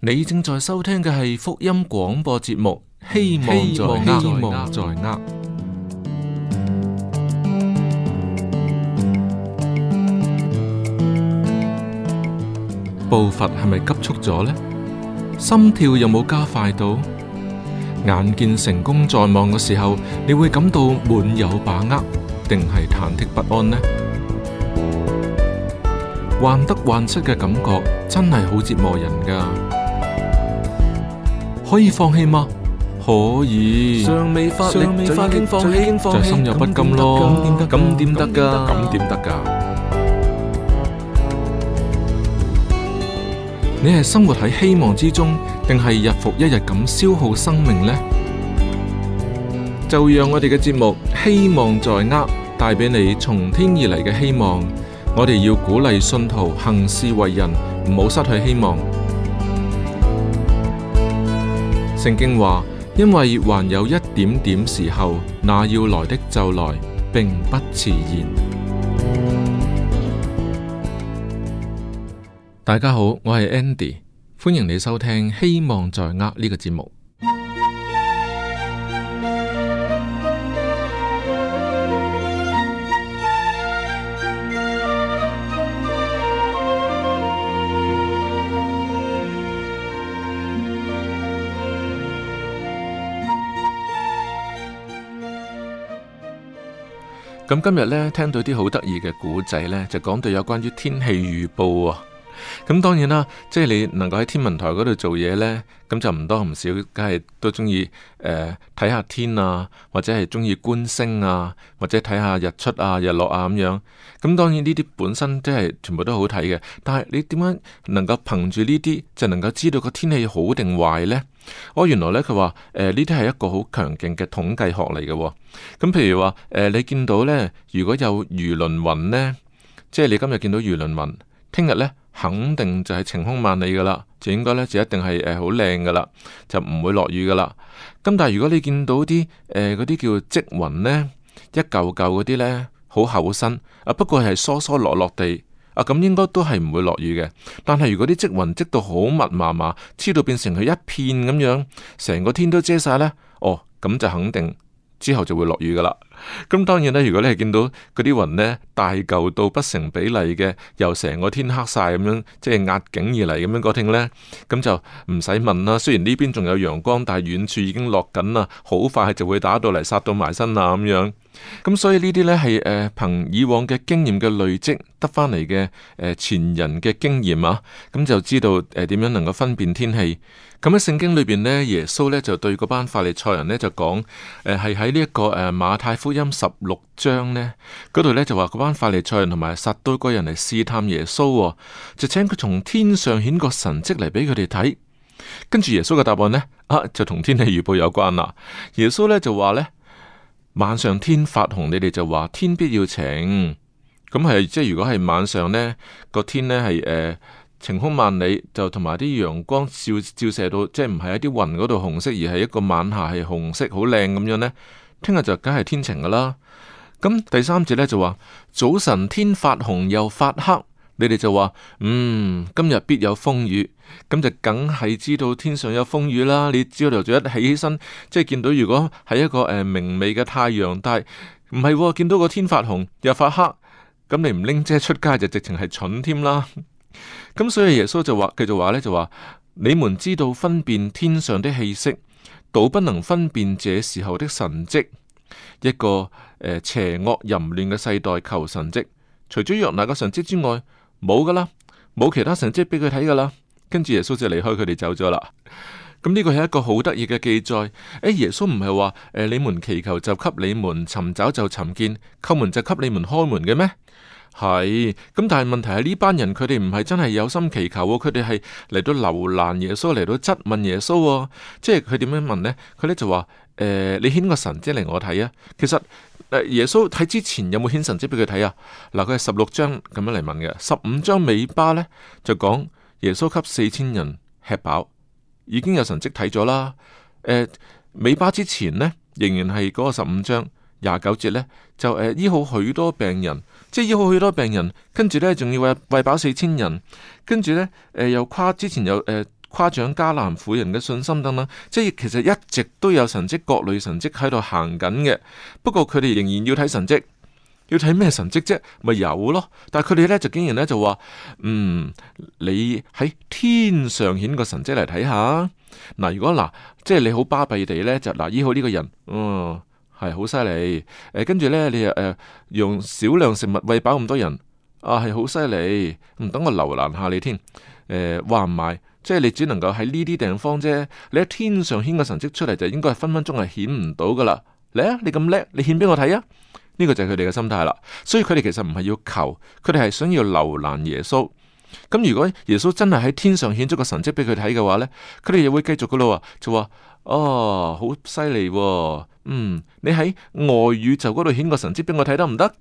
你正在收聽嘅係福音廣播節目，希望希望在握。步伐係咪急促咗呢？心跳有冇加快到？眼見成功在望嘅時候，你會感到滿有把握，定係忐忑不安呢？患得患失嘅感覺真係好折磨人㗎。可以放棄嗎？可以。尚未發力，就心有不甘咯。咁點得？噶、啊？咁點得噶？啊啊、你係生活喺希望之中，定係日復一日咁消耗生命呢？就讓我哋嘅節目《希望在握》帶俾你從天而嚟嘅希望。我哋要鼓勵信徒行事為人，唔好失去希望。聖經話，因為還有一點點時候，那要來的就來，並不遲延。大家好，我係 Andy，歡迎你收聽《希望在握》呢、這個節目。咁今日呢，聽到啲好得意嘅故仔呢，就講到有關於天氣預報啊。咁當然啦，即係你能夠喺天文台嗰度做嘢呢，咁就唔多唔少，梗係都中意誒睇下天啊，或者係中意觀星啊，或者睇下日出啊、日落啊咁樣。咁當然呢啲本身即係全部都好睇嘅，但係你點樣能夠憑住呢啲就能夠知道個天氣好定壞呢？哦，原來呢，佢話誒呢啲係一個好強勁嘅統計學嚟嘅，哦。咁譬如話誒，呃，你見到呢，如果有魚鱗雲呢，即係你今日見到魚鱗雲。聽日咧，肯定就係晴空萬里噶啦，就應該咧就一定係誒好靚噶啦，就唔會落雨噶啦。咁但係如果你見到啲誒嗰啲叫積雲呢，一嚿嚿嗰啲呢，好厚身，啊不過係疏疏落落地，啊咁應該都係唔會落雨嘅。但係如果啲積雲積到好密麻麻，黐到變成佢一片咁樣，成個天都遮晒呢，哦咁就肯定之後就會落雨噶啦。咁當然啦，如果你係見到嗰啲雲呢，大嚿到不成比例嘅，由成個天黑晒咁樣，即係壓境而嚟咁樣，我聽呢，咁就唔使問啦。雖然呢邊仲有陽光，但係遠處已經落緊啦，好快就會打到嚟，殺到埋身啦咁樣。咁所以呢啲呢係誒憑以往嘅經驗嘅累積得翻嚟嘅前人嘅經驗啊，咁、嗯、就知道誒點、呃、樣能夠分辨天氣。咁喺聖經裏邊呢，耶穌呢就對嗰班法利賽人呢就講，誒係喺呢一個馬太福音十六章呢嗰度呢，就話嗰班法利賽人同埋撒都該人嚟試探耶穌、哦，就請佢從天上顯個神跡嚟俾佢哋睇。跟住耶穌嘅答案呢，啊就同天氣預報有關啦。耶穌呢就話呢：呢「晚上天發紅，你哋就話天必要晴。」咁係即係如果係晚上呢個天呢係誒、呃、晴空萬里，就同埋啲陽光照照射到，即係唔係一啲雲嗰度紅色，而係一個晚霞係紅色，好靚咁樣呢。聽日就梗係天晴噶啦，咁第三節咧就話早晨天發紅又發黑，你哋就話嗯，今日必有風雨，咁就梗係知道天上有風雨啦。你朝頭早一起身，即係見到如果係一個誒、呃、明媚嘅太陽，但係唔係見到個天發紅又發黑，咁你唔拎遮出街就直情係蠢添啦。咁所以耶穌就話，繼續話咧就話你們知道分辨天上的氣息。倒不能分辨這時候的神蹟，一個、呃、邪惡淫亂嘅世代求神蹟，除咗約拿嘅神蹟之外，冇噶啦，冇其他神蹟俾佢睇噶啦。跟住耶穌就離開佢哋走咗啦。咁、嗯、呢、這個係一個好得意嘅記載。耶穌唔係話你們祈求就給你們尋找就尋見，叩門就給你們開門嘅咩？係咁，但係問題係呢班人佢哋唔係真係有心祈求，佢哋係嚟到留難耶穌嚟到質問耶穌，哦，即係佢點樣問呢？佢呢就話：誒、呃，你顯個神跡嚟我睇啊！其實、呃、耶穌睇之前有冇顯神跡俾佢睇啊？嗱、呃，佢係十六章咁樣嚟問嘅。十五章尾巴呢，就講耶穌給四千人吃飽，已經有神跡睇咗啦。尾巴之前呢，仍然係嗰個十五章。廿九節呢，就誒、呃、醫好許多病人，即係醫好許多病人，跟住呢，仲要餵餵飽四千人，跟住呢，誒、呃、又誇之前又誒誇、呃、誇獎迦南婦人嘅信心等等，即係其實一直都有神跡、各類神跡喺度行緊嘅。不過佢哋仍然要睇神跡，要睇咩神跡啫？咪有咯。但係佢哋呢，就竟然呢，就話：嗯，你喺天上顯個神跡嚟睇下嗱。如果嗱，即係你好巴閉地呢，就嗱醫好呢個人，嗯。係好犀利，誒，跟住，呃、呢，你又誒、呃、用少量食物餵飽咁多人，啊，係好犀利，唔、嗯、等我留難下你添，誒、呃，話唔埋，即係你只能夠喺呢啲地方啫，你喺天上顯個神蹟出嚟，就應該係分分鐘係顯唔到噶啦，你啊，你咁叻，你顯俾我睇啊，呢、這個就係佢哋嘅心態啦，所以佢哋其實唔係要求，佢哋係想要留難耶穌，咁如果耶穌真係喺天上顯咗個神蹟俾佢睇嘅話呢，佢哋又會繼續噶咯，就話，哦，好犀利。嗯，你喺外宇宙嗰度顯個神迹俾我睇得唔得？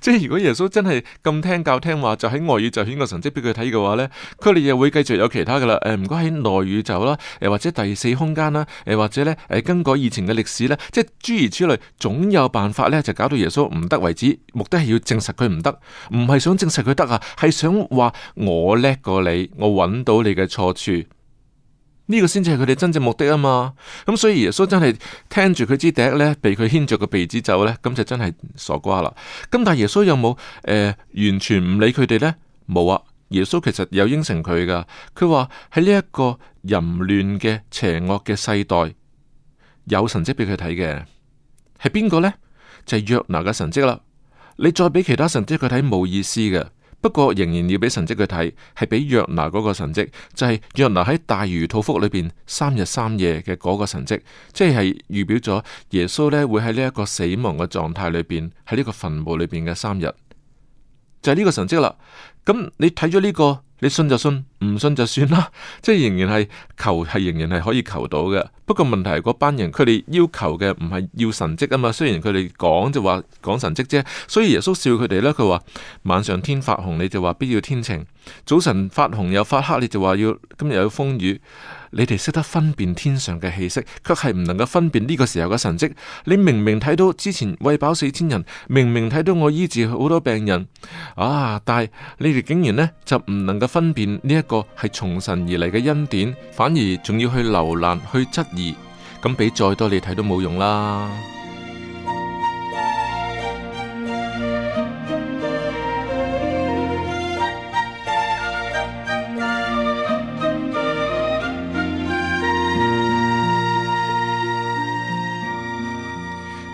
即係如果耶穌真係咁聽教聽話，就喺外宇宙顯個神迹俾佢睇嘅話呢，佢哋又會繼續有其他噶啦。唔該喺內宇宙啦，或者第四空間啦，或者咧誒更改以前嘅歷史呢，即係諸如此類，總有辦法呢就搞到耶穌唔得為止。目的係要證實佢唔得，唔係想證實佢得啊，係想話我叻過你，我揾到你嘅錯處。呢個先至係佢哋真正目的啊嘛，咁、嗯、所以耶穌真係聽住佢支笛呢，被佢牽着個鼻子走呢，咁就真係傻瓜啦。咁但耶穌有冇誒、呃、完全唔理佢哋呢？冇啊，耶穌其實有應承佢噶，佢話喺呢一個淫亂嘅邪惡嘅世代，有神蹟俾佢睇嘅，係邊個呢？就係、是、約拿嘅神蹟啦。你再俾其他神蹟佢睇，冇意思嘅。不過仍然要俾神蹟佢睇，係俾約拿嗰個神蹟，就係、是、約拿喺大魚肚腹裏邊三日三夜嘅嗰個神蹟，即係預表咗耶穌呢會喺呢一個死亡嘅狀態裏邊，喺呢個墳墓裏邊嘅三日，就係、是、呢個神蹟啦。咁你睇咗呢個，你信就信。唔信就算啦，即係仍然係求，係仍然係可以求到嘅。不過問題係嗰班人，佢哋要求嘅唔係要神蹟啊嘛。雖然佢哋講就話講神蹟啫，所以耶穌笑佢哋咧，佢話，晚上天發紅，你就話必要天晴；早晨發紅又發黑，你就話要今日有風雨。你哋識得分辨天上嘅氣息，卻係唔能夠分辨呢個時候嘅神蹟，你明明睇到之前餵飽四千人，明明睇到我醫治好多病人啊，但係你哋竟然咧就唔能夠分辨呢一個係從神而嚟嘅恩典，反而仲要去瀏覽，去質疑，咁俾再多你睇都冇用啦。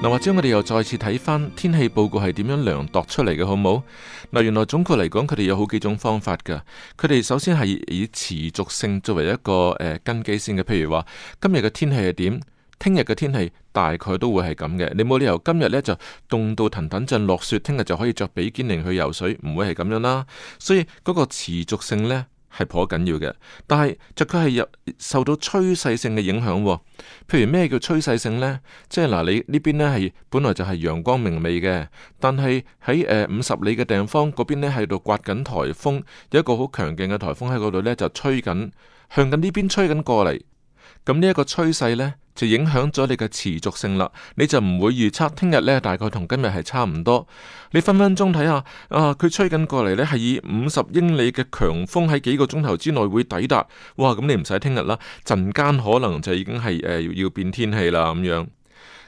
嗱，或者我哋又再次睇翻天氣報告係點樣量，量度出嚟嘅，好冇？嗱，原來總括嚟講，佢哋有好幾種方法㗎。佢哋首先係以持續性作為一個誒、呃、根基先嘅，譬如話今日嘅天氣係點，聽日嘅天氣大概都會係咁嘅。你冇理由今日呢就凍到騰騰震落雪，聽日就可以着比堅尼去游水，唔會係咁樣啦。所以嗰個持續性呢，係頗緊要嘅，但係就佢係有受到趨勢性嘅影響，哦。譬如咩叫趨勢性呢？即係嗱，你呢邊呢係本來就係陽光明媚嘅，但係喺誒五十里嘅地方嗰邊呢，喺度刮緊颱風，有一個好強勁嘅颱風喺嗰度呢，就吹緊向緊呢邊吹緊過嚟。咁呢一個趨勢呢就影響咗你嘅持續性啦，你就唔會預測聽日咧大概同今日係差唔多。你分分鐘睇下啊，佢吹緊過嚟咧係以五十英里嘅強風喺幾個鐘頭之內會抵達。哇！咁你唔使聽日啦，陣間可能就已經係誒、呃、要變天氣啦咁樣。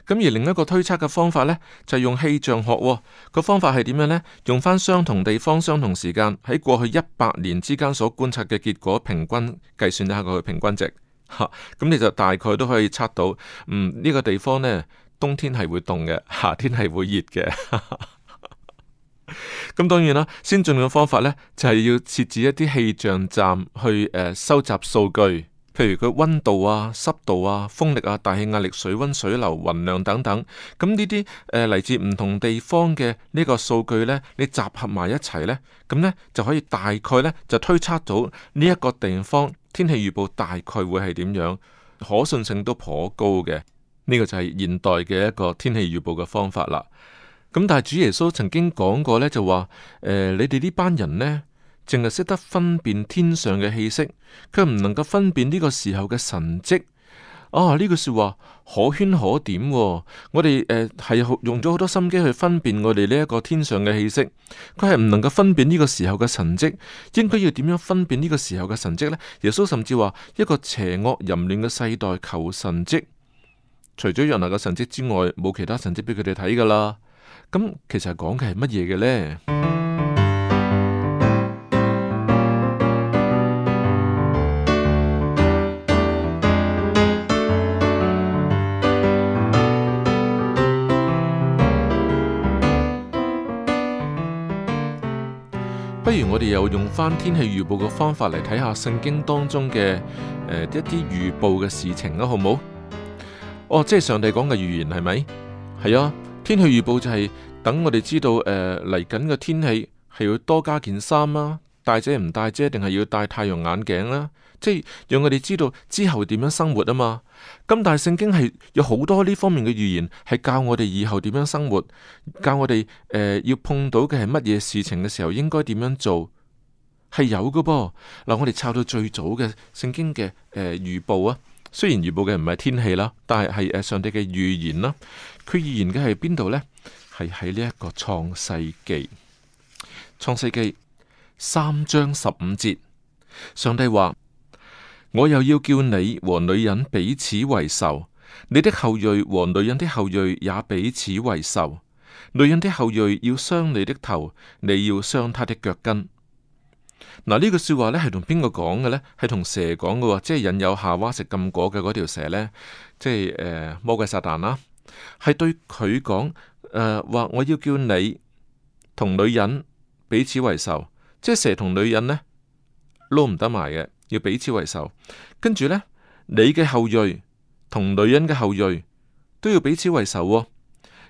咁而另一個推測嘅方法呢，就係、是、用氣象學、哦，這個方法係點樣呢？用返相同地方、相同時間喺過去一百年之間所觀察嘅結果平均計算一下佢嘅平均值。吓，咁、啊、你就大概都可以測到，嗯，呢、這個地方呢，冬天係會凍嘅，夏天係會熱嘅。咁 當然啦，先進嘅方法呢，就係、是、要設置一啲氣象站，去誒、呃、收集數據，譬如佢溫度啊、濕度啊、風力啊、大氣壓力、水溫、水流、雲量等等。咁呢啲誒嚟自唔同地方嘅呢個數據呢，你集合埋一齊呢，咁呢就可以大概呢，就推測到呢一個地方，天氣預報大概會係點樣？可信性都頗高嘅，呢、這個就係現代嘅一個天氣預報嘅方法啦。咁但係主耶穌曾經講過呢，就話、呃：你哋呢班人呢，淨係識得分辨天上嘅氣息，卻唔能夠分辨呢個時候嘅神蹟。啊，呢、哦、句說話可圈可點、哦。我哋誒係用咗好多心機去分辨我哋呢一個天上嘅氣息，佢係唔能夠分辨呢個時候嘅神蹟。應該要點樣分辨呢個時候嘅神蹟呢？耶穌甚至話一個邪惡淫亂嘅世代求神蹟，除咗人類嘅神蹟之外，冇其他神蹟俾佢哋睇噶啦。咁、嗯、其實係講嘅係乜嘢嘅呢？用翻天氣預報嘅方法嚟睇下聖經當中嘅誒、呃、一啲預報嘅事情啦，好冇？哦，即係上帝講嘅預言係咪？係啊，天氣預報就係、是、等我哋知道誒嚟緊嘅天氣係要多加件衫啊，戴遮唔戴遮，定係要戴太陽眼鏡啦、啊。即係讓我哋知道之後點樣生活啊嘛。咁但係聖經係有好多呢方面嘅預言，係教我哋以後點樣生活，教我哋誒、呃、要碰到嘅係乜嘢事情嘅時候應該點樣做。係有嘅噃。嗱，我哋抄到最早嘅聖經嘅誒預報啊。雖然預報嘅唔係天氣啦，但係係上帝嘅預言啦。佢預言嘅係邊度呢？係喺呢一個創世記，創世記三章十五節，上帝話：我又要叫你和女人彼此為仇，你的後裔和女人的後裔也彼此為仇。女人的後裔要傷你的頭，你要傷她的腳跟。嗱，呢、這個說話咧，係同邊個講嘅呢？係同蛇講嘅喎，即係引誘夏娃食禁果嘅嗰條蛇呢，即係誒魔鬼撒旦啦、啊,係對佢講誒話，我要叫你同女人彼此為仇，即係蛇同女人呢，撈唔得埋嘅，要彼此為仇。跟住呢，你嘅後裔同女人嘅後裔都要彼此為仇喎、哦。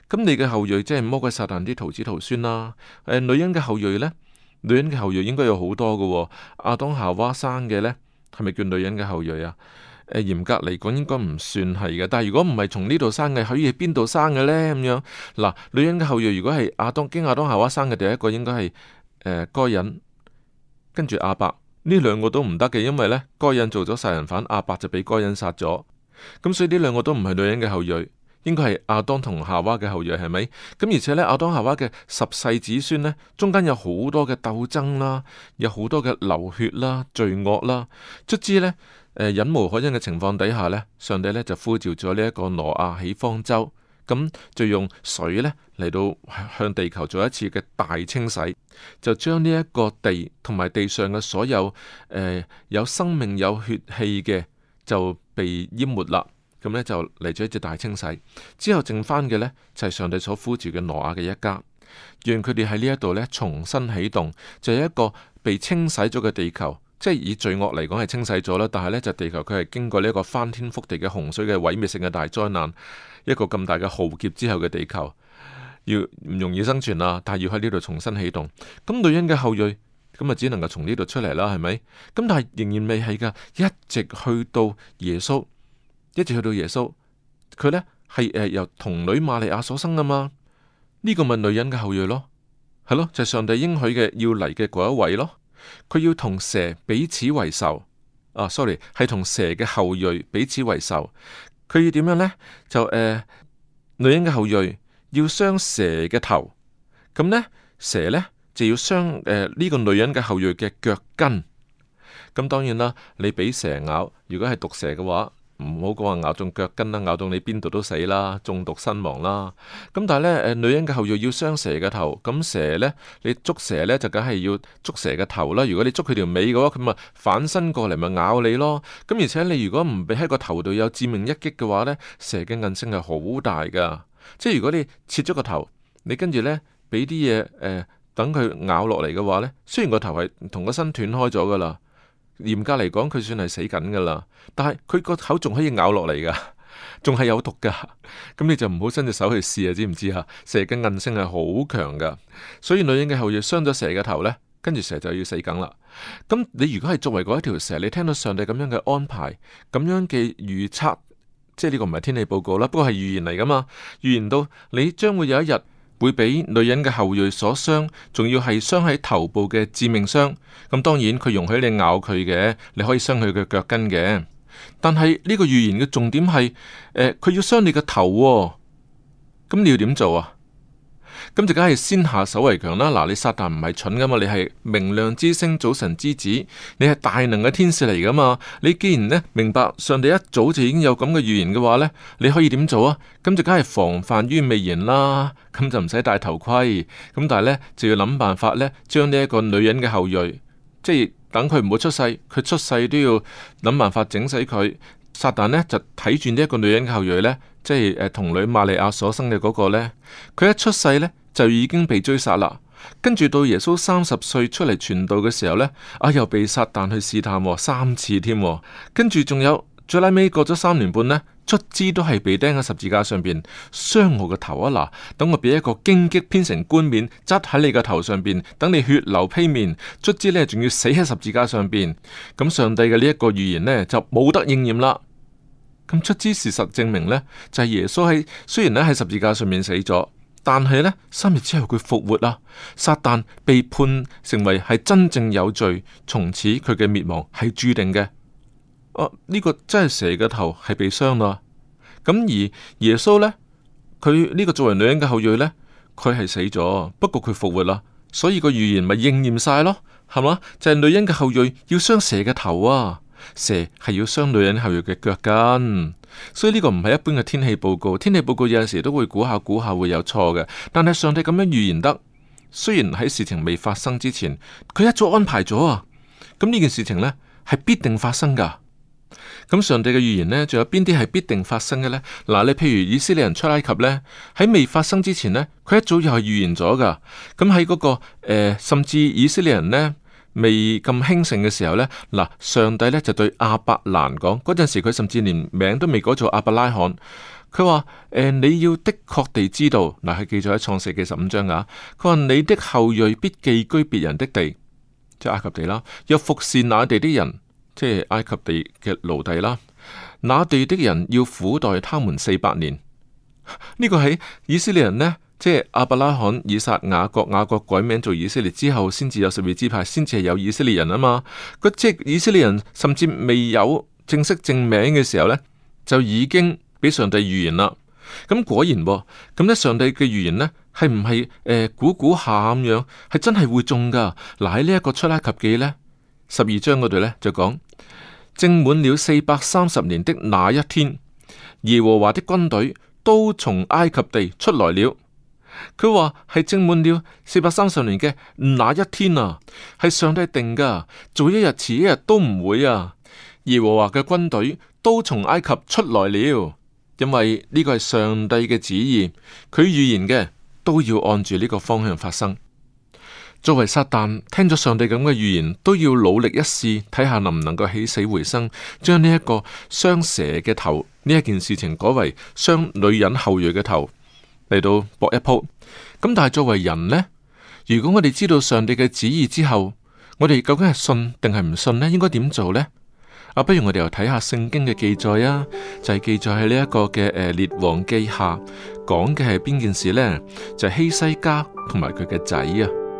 咁你嘅後裔即係魔鬼撒旦啲徒子徒孫啦、啊，誒、呃、女人嘅後裔呢。女人嘅後裔應該有好多嘅、哦。阿當夏娃生嘅呢，係咪叫女人嘅後裔啊？誒、呃，嚴格嚟講應該唔算係嘅。但係如果唔係從呢度生嘅，可以係邊度生嘅呢？咁樣嗱、呃，女人嘅後裔如果係阿當經阿當夏娃生嘅第一個應該，應該係誒該隱跟住阿伯呢兩個都唔得嘅，因為呢，該隱做咗殺人犯，阿伯就俾該隱殺咗，咁所以呢兩個都唔係女人嘅後裔。應該係亞當同夏娃嘅後裔係咪？咁而且呢，亞當夏娃嘅十世子孫呢，中間有好多嘅鬥爭啦，有好多嘅流血啦、罪惡啦，卒之呢，誒，忍無可忍嘅情況底下呢，上帝呢就呼召咗呢一個挪亞起方舟，咁就用水呢嚟到向地球做一次嘅大清洗，就將呢一個地同埋地上嘅所有、呃、有生命有血氣嘅就被淹沒啦。咁呢就嚟咗一次大清洗，之後剩翻嘅呢，就係上帝所呼召嘅挪亞嘅一家，讓佢哋喺呢一度呢重新起動，就係一個被清洗咗嘅地球，即係以罪惡嚟講係清洗咗啦。但係呢就地球佢係經過呢一個翻天覆地嘅洪水嘅毀滅性嘅大災難，一個咁大嘅浩劫之後嘅地球，要唔容易生存啦，但係要喺呢度重新起動。咁女人嘅後裔，咁啊只能夠從呢度出嚟啦，係咪？咁但係仍然未係噶，一直去到耶穌。一直去到耶穌，佢呢係誒、呃、由童女瑪利亞所生㗎嘛。呢、這個咪女人嘅後裔咯，係咯就係、是、上帝應許嘅要嚟嘅嗰一位咯。佢要同蛇彼此為仇啊，sorry 係同蛇嘅後裔彼此為仇。佢要點樣呢？就誒、呃、女人嘅後裔要傷蛇嘅頭，咁呢，蛇呢就要傷誒呢、呃、這個女人嘅後裔嘅腳跟。咁當然啦，你俾蛇咬，如果係毒蛇嘅話。唔好講話咬中腳筋啦，咬到你邊度都死啦，中毒身亡啦。咁但係咧，誒、呃、女人嘅後裔要傷蛇嘅頭。咁蛇咧，你捉蛇咧就梗係要捉蛇嘅頭啦。如果你捉佢條尾嘅話，佢咪反身過嚟咪咬你咯。咁而且你如果唔俾喺個頭度有致命一擊嘅話咧，蛇嘅韌性係好大㗎。即係如果你切咗個頭，你跟住咧俾啲嘢誒，等佢咬落嚟嘅話咧，雖然個頭係同個身斷開咗㗎啦。嚴格嚟講，佢算係死緊噶啦。但係佢個口仲可以咬落嚟噶，仲係有毒噶。咁你就唔好伸隻手去試啊，知唔知啊？蛇嘅韌性係好強噶，所以女人嘅後裔傷咗蛇嘅頭呢，跟住蛇就要死梗啦。咁你如果係作為嗰一條蛇，你聽到上帝咁樣嘅安排，咁樣嘅預測，即係呢個唔係天氣報告啦，不過係預言嚟噶嘛，預言到你將會有一日。會俾女人嘅後裔所傷，仲要係傷喺頭部嘅致命傷。咁當然佢容許你咬佢嘅，你可以傷佢嘅腳跟嘅。但係呢個預言嘅重點係，呃，佢要傷你嘅頭哦。咁你要點做啊？咁就梗係先下手為強啦！嗱，你撒旦唔係蠢噶嘛，你係明亮之星、早晨之子，你係大能嘅天使嚟噶嘛！你既然呢明白上帝一早就已經有咁嘅預言嘅話呢，你可以點做啊？咁就梗係防範於未然啦！咁就唔使戴頭盔，咁但係呢，就要諗辦法呢，將呢一個女人嘅後裔，即係等佢唔好出世，佢出世都要諗辦法整死佢。撒旦呢就睇住呢一個女人後裔呢，即係誒童女瑪利亞所生嘅嗰個呢，佢一出世呢就已經被追殺啦。跟住到耶穌三十歲出嚟傳道嘅時候呢，啊又被撒旦去試探、喎、三次添、喎。跟住仲有。最拉尾過咗三年半呢，卒之都係被釘喺十字架上邊，傷我個頭啊！嗱，等我俾一個荊棘編成冠冕，執喺你嘅頭上邊，等你血流披面。卒之呢仲要死喺十字架上邊。咁上帝嘅呢一個預言呢就冇得應驗啦。咁卒之事實證明呢，就係、是、耶穌係雖然呢喺十字架上面死咗，但係呢三日之後佢復活啦。撒旦被判成為係真正有罪，從此佢嘅滅亡係注定嘅。哦，呢個真係蛇嘅頭係被傷咯，咁而耶穌呢，佢呢個作為女人嘅後裔呢，佢係死咗，不過佢復活啦，所以個預言咪應驗晒咯，係嘛？就係女人嘅後裔要傷蛇嘅頭啊，蛇係要傷女人後裔嘅腳筋，所以呢個唔係一般嘅天氣報告，天氣報告有陣時都會估下估下會有錯嘅，但係上帝咁樣預言得，雖然喺事情未發生之前，佢一早安排咗啊，咁呢件事情呢，係必定發生噶。咁上帝嘅預言呢，仲有邊啲係必定發生嘅呢？嗱，你譬如以色列人出埃及呢，喺未發生之前呢，佢一早又係預言咗噶。咁喺嗰個誒、呃，甚至以色列人呢，未咁興盛嘅時候呢，嗱，上帝呢，就對亞伯蘭講，嗰陣時佢甚至連名都未改做亞伯拉罕，佢話誒，你要的確地知道，嗱、呃，係記咗喺創世記十五章啊。佢話你的後裔必寄居別人的地，即係埃及地啦，要服侍那地啲人。即係埃及地嘅奴隸啦，那地的人要苦待他們四百年。呢個係以色列人呢，即係阿伯拉罕、以撒、雅各、雅各改名做以色列之後，先至有十二支派，先至係有以色列人啊嘛。佢即係以色列人，甚至未有正式正名嘅時候呢，就已經俾上帝預言啦。咁果然，咁呢，上帝嘅預言呢，係唔係誒，估估下咁樣係真係會中噶？嗱，喺呢一個出埃及記呢。十二章嗰度呢，就講，正滿了四百三十年的那一天，耶和華的軍隊都從埃及地出來了。佢話係正滿了四百三十年嘅那一天啊，係上帝定噶，早一日遲一日都唔會啊。耶和華嘅軍隊都從埃及出來了，因為呢個係上帝嘅旨意，佢預言嘅都要按住呢個方向發生。作為撒旦，聽咗上帝咁嘅預言，都要努力一試，睇下能唔能夠起死回生，將呢一個傷蛇嘅頭呢一件事情改為傷女人後裔嘅頭，嚟到搏一鋪。咁但係作為人呢，如果我哋知道上帝嘅旨意之後，我哋究竟係信定係唔信呢？應該點做呢？啊，不如我哋又睇下聖經嘅記載啊，就係、是、記載喺呢一個嘅、呃、列王記下，講嘅係邊件事呢？就係、是、希西家同埋佢嘅仔啊。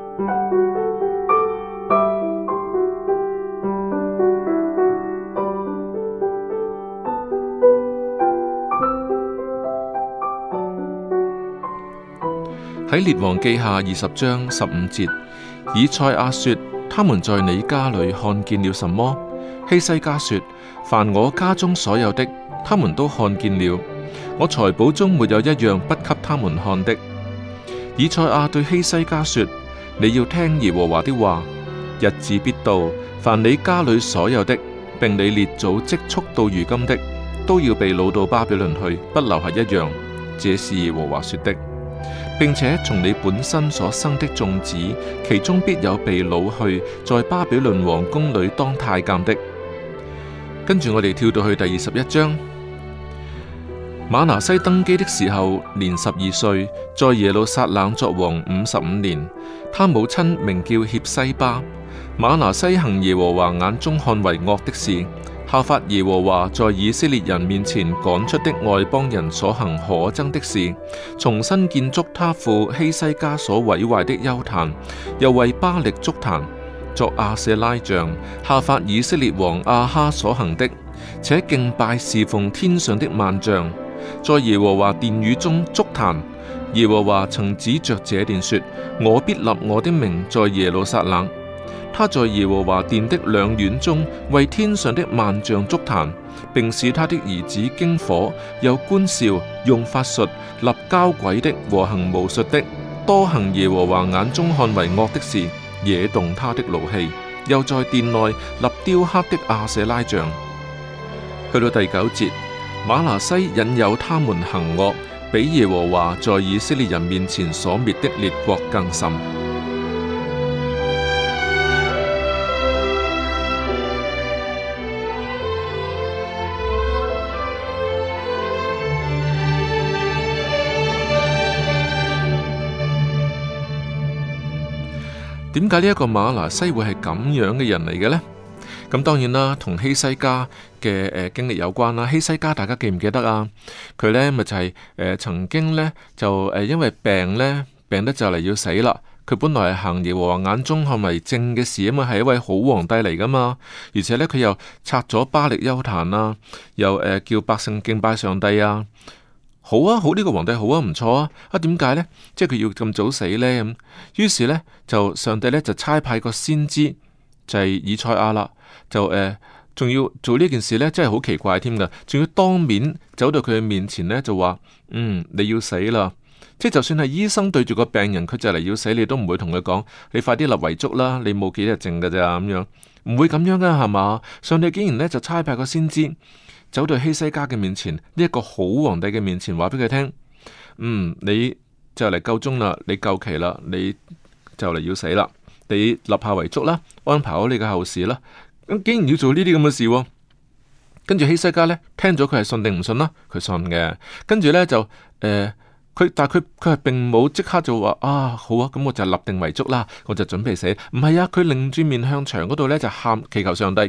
喺《列王記下》二十章十五節，以賽亞說：他們在你家裏看見了什麼？希西家說：凡我家中所有的，他們都看見了。我財寶中沒有一樣不給他們看的。以賽亞對希西家說：你要聽耶和華的話，日子必到，凡你家裏所有的，並你列祖積蓄到如今的，都要被擄到巴比倫去，不留下一樣。這是耶和華說的。並且從你本身所生的眾子，其中必有被擄去，在巴比倫王宮裏當太監的。跟住我哋跳到去第二十一章。馬拿西登基的時候，年十二歲，在耶路撒冷作王五十五年。他母親名叫協西巴。馬拿西行耶和華眼中看為惡的事。效法耶和華在以色列人面前趕出的外邦人所行可憎的事，重新建築他父希西家所毀壞的邱壇，又為巴力築壇作亞舍拉像，效法以色列王亞哈所行的，且敬拜侍奉天上的萬象，在耶和華殿宇中築壇。耶和華曾指着這殿說：我必立我的名在耶路撒冷。他在耶和華殿的兩院中為天上的萬象祝壇，並使他的兒子經火，有官兆用法術立交鬼的和行巫術的，多行耶和華眼中看為惡的事，惹動他的怒氣。又在殿內立雕刻的亞舍拉像。去到第九節，馬拿西引誘他們行惡，比耶和華在以色列人面前所滅的列國更甚。點解呢一個馬拿西會係咁樣嘅人嚟嘅呢？咁當然啦，同希西家嘅誒、呃、經歷有關啦。希西家大家記唔記得啊？佢呢咪就係、是呃、曾經呢，就誒、呃、因為病呢，病得就嚟要死啦。佢本來係行耶和華眼中看為正嘅事，因為嘛，係一位好皇帝嚟噶嘛。而且呢，佢又拆咗巴力丘壇啊，又誒、呃、叫百姓敬拜上帝啊。好啊，好呢、這個皇帝好啊，唔錯啊，啊點解呢？即係佢要咁早死呢？咁，於是呢，就上帝呢，就差派個先知就係以賽亞啦，就誒、是、仲、呃、要做呢件事呢，真係好奇怪添噶，仲要當面走到佢嘅面前呢，就話，嗯，你要死啦，即係就算係醫生對住個病人，佢就嚟要死，你都唔會同佢講，你快啲立遺囑啦，你冇幾日剩噶咋咁樣，唔會咁樣噶係嘛？上帝竟然呢，就差派個先知。走到希西家嘅面前，呢、這、一個好皇帝嘅面前，話俾佢聽，嗯，你就嚟夠鐘啦，你夠期啦，你就嚟要死啦，你立下遺囑啦，安排好你嘅後事啦，咁竟然要做呢啲咁嘅事，哦，跟住希西家呢，聽咗佢係信定唔信啦，佢信嘅，跟住呢，就誒。呃佢但係佢佢係並冇即刻就話啊，好啊，咁我就立定遺囑啦，我就準備寫。唔係啊，佢擰轉面向牆嗰度咧就喊祈求上帝。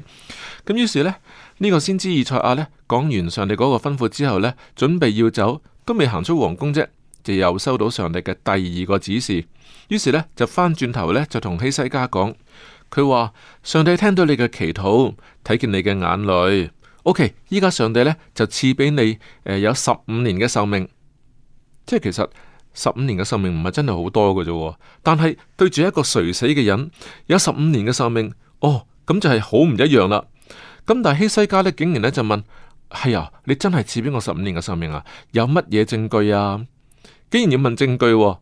咁於是呢，呢、呢個先知以賽亞呢，講完上帝嗰個吩咐之後呢，準備要走都未行出皇宮啫，就又收到上帝嘅第二個指示。於是呢，就翻轉頭呢，就同希西家講，佢話上帝聽到你嘅祈禱，睇見你嘅眼淚，O K，依家上帝呢，就賜俾你誒有十五年嘅壽命。即係其實十五年嘅壽命唔係真係好多嘅啫，但係對住一個垂死嘅人有十五年嘅壽命，哦咁就係好唔一樣啦。咁但係希西家咧，竟然咧就問：係、哎、啊，你真係賜俾我十五年嘅壽命啊？有乜嘢證據啊？竟然要問證據、哦，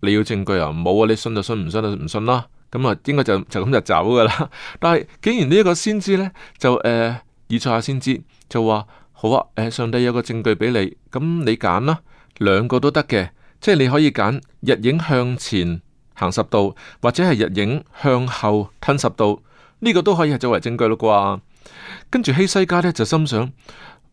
你要證據啊？冇啊，你信就信，唔信就唔信啦。咁、嗯、啊，應該就就咁就走噶啦。但係竟然呢一個先知咧，就誒，以賽亞先知就話：好啊，誒，上帝有個證據俾你，咁你揀啦。兩個都得嘅，即係你可以揀日影向前行十度，或者係日影向後吞十度，呢個都可以係作為證據咯啩。跟住希西家呢就心想，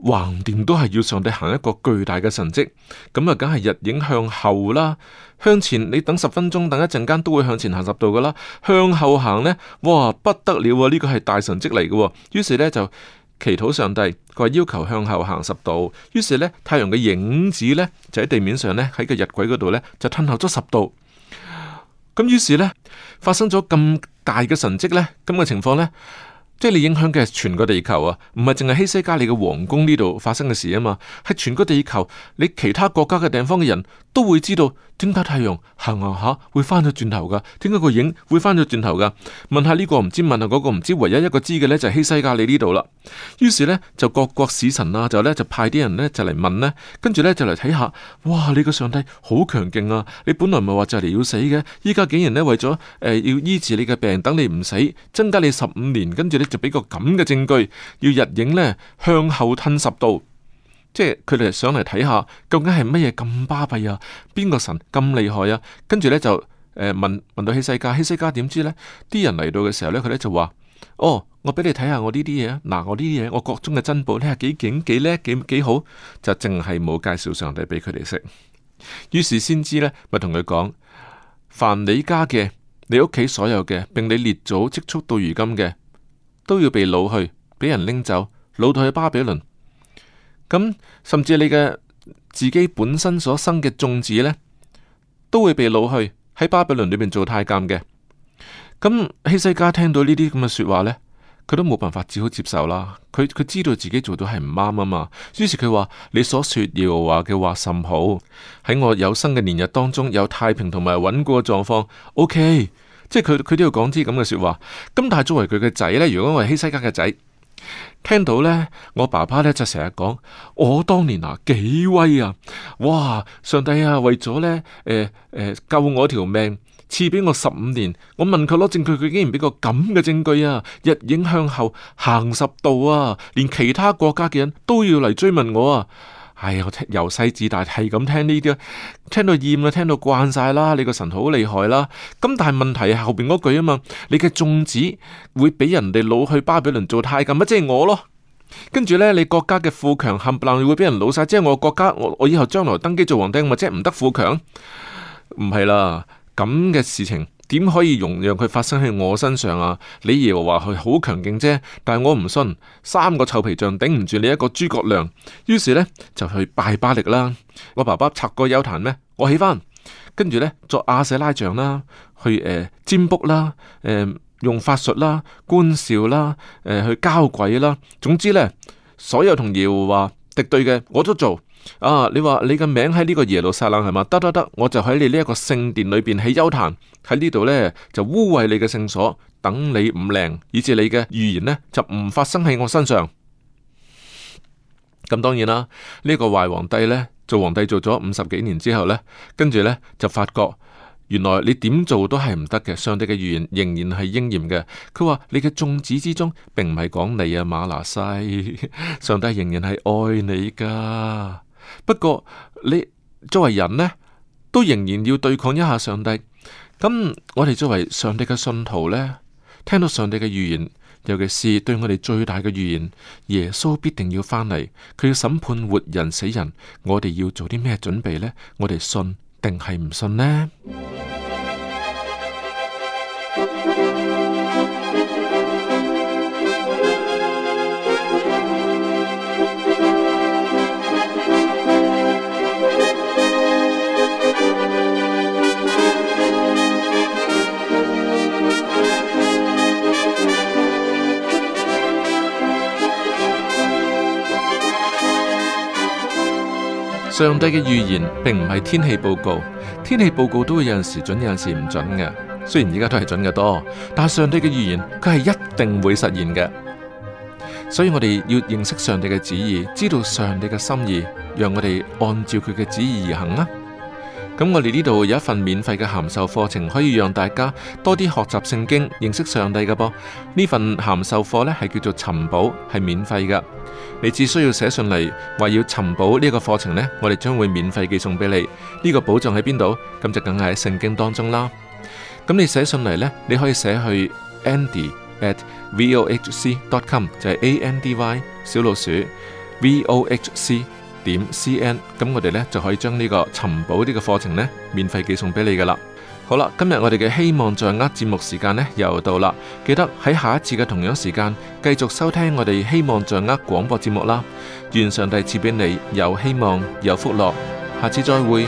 橫掂都係要上帝行一個巨大嘅神跡，咁啊，梗係日影向後啦，向前你等十分鐘，等一陣間都會向前行十度噶啦，向後行呢，哇，不得了啊，呢個係大神跡嚟嘅，於是呢就。祈禱上帝，佢話要求向後行十度，於是呢太陽嘅影子呢就喺地面上呢喺個日軌嗰度呢就褪後咗十度，咁於是呢發生咗咁大嘅神蹟呢，咁嘅情況呢。即係你影響嘅係全個地球啊，唔係淨係希西家你嘅皇宮呢度發生嘅事啊嘛，係全個地球，你其他國家嘅地方嘅人都會知道，點解太陽行行下會翻咗轉頭噶？點解個影會翻咗轉頭噶？問下呢個唔知，問下嗰個唔知，唯一一個知嘅呢就係希西家你呢度啦。於是呢，就各國使臣啊，就咧就派啲人呢，就嚟問呢，跟住呢，就嚟睇下，哇！你個上帝好強勁啊！你本來咪係話就嚟要死嘅，依家竟然呢，為咗誒、呃、要醫治你嘅病，等你唔死，增加你十五年，跟住你……」就俾個咁嘅證據，要日影咧向後吞十度，即係佢哋係上嚟睇下，究竟係乜嘢咁巴閉啊？邊個神咁厲害啊？跟住咧就誒問問到希西家，希西家點知咧啲人嚟到嘅時候咧，佢咧就話：哦，我俾你睇下我呢啲嘢啊，嗱，我呢啲嘢，我國中嘅珍寶，你係幾景幾叻幾幾好，就淨係冇介紹上帝俾佢哋識。於是先知咧咪同佢講：凡你家嘅，你屋企所有嘅，並你列祖積蓄到如今嘅。都要被擄去，俾人拎走，擄到去巴比倫。咁、嗯、甚至你嘅自己本身所生嘅種子呢，都會被擄去喺巴比倫裏面做太監嘅。咁、嗯、希西家聽到呢啲咁嘅說話呢，佢都冇辦法，只好接受啦。佢佢知道自己做到係唔啱啊嘛，於是佢話：你所說要話嘅話甚好，喺我有生嘅年日當中有太平同埋穩固嘅狀況。OK。即係佢，佢都要講啲咁嘅說話。咁但係作為佢嘅仔呢，如果我係希西家嘅仔，聽到呢，我爸爸呢就成日講，我當年啊幾威啊！哇，上帝啊，為咗呢，誒、欸、誒、欸、救我條命，賜俾我十五年。我問佢攞證據，佢竟然俾個咁嘅證據啊！日影向後行十度啊，連其他國家嘅人都要嚟追問我啊！係、哎、我聽由細至大係咁聽呢啲，聽到厭啦，聽到慣晒啦，你個神好厲害啦。咁但係問題係後邊嗰句啊嘛，你嘅眾子會俾人哋老去巴比倫做太監乜？即、就、係、是、我咯。跟住呢，你國家嘅富強冚唪唥會俾人老晒，即係我國家，我我以後將來登基做皇帝，咪即係唔得富強？唔係啦，咁嘅事情。點可以容讓佢發生喺我身上啊？你耶和華佢好強勁啫，但係我唔信，三個臭皮匠頂唔住你一個諸葛亮。於是呢，就去拜巴力啦。我爸爸拆過丘壇咩？我起翻，跟住呢，作亞舍拉像啦，去誒、呃、占卜啦，誒、呃、用法術啦，觀兆啦，誒、呃、去交鬼啦。總之呢，所有同耶和華敵對嘅我都做。啊！你話你嘅名喺呢個耶路撒冷係嘛？得得得，我就喺你呢一個聖殿裏邊起幽壇，喺呢度呢，就污穢你嘅聖所，等你唔靈，以至你嘅預言呢，就唔發生喺我身上。咁當然啦、啊，呢、呢個壞皇帝呢，做皇帝做咗五十幾年之後呢，跟住呢，就發覺原來你點做都係唔得嘅，上帝嘅預言仍然係應驗嘅。佢話你嘅眾子之中並唔係講你啊，馬拿西，上帝仍然係愛你噶。不過你作為人呢，都仍然要對抗一下上帝。咁我哋作為上帝嘅信徒呢，聽到上帝嘅預言，尤其是對我哋最大嘅預言，耶穌必定要返嚟，佢要審判活人死人。我哋要做啲咩準備呢？我哋信定係唔信呢？上帝嘅預言並唔係天氣報告，天氣報告都會有陣時準，有陣時唔準嘅。雖然而家都係準嘅多，但上帝嘅預言佢係一定會實現嘅。所以我哋要認識上帝嘅旨意，知道上帝嘅心意，讓我哋按照佢嘅旨意而行啊！咁我哋呢度有一份免費嘅函授課程，可以讓大家多啲學習聖經、認識上帝嘅噃。呢份函授課呢係叫做尋寶，係免費嘅。你只需要寫信嚟，話要尋寶呢個課程呢，我哋將會免費寄送俾你。呢個寶藏喺邊度？咁就梗係喺聖經當中啦。咁你寫信嚟呢，你可以寫去 Andy at vohc.com 就係 A N D Y 小老鼠 V O H C。點 C N，咁我哋呢就可以將呢個尋寶呢個課程呢免費寄送俾你噶啦。好啦，今日我哋嘅希望掌握節目時間呢又到啦，記得喺下一次嘅同樣時間繼續收聽我哋希望掌握廣播節目啦。願上帝賜俾你有希望有福樂，下次再會。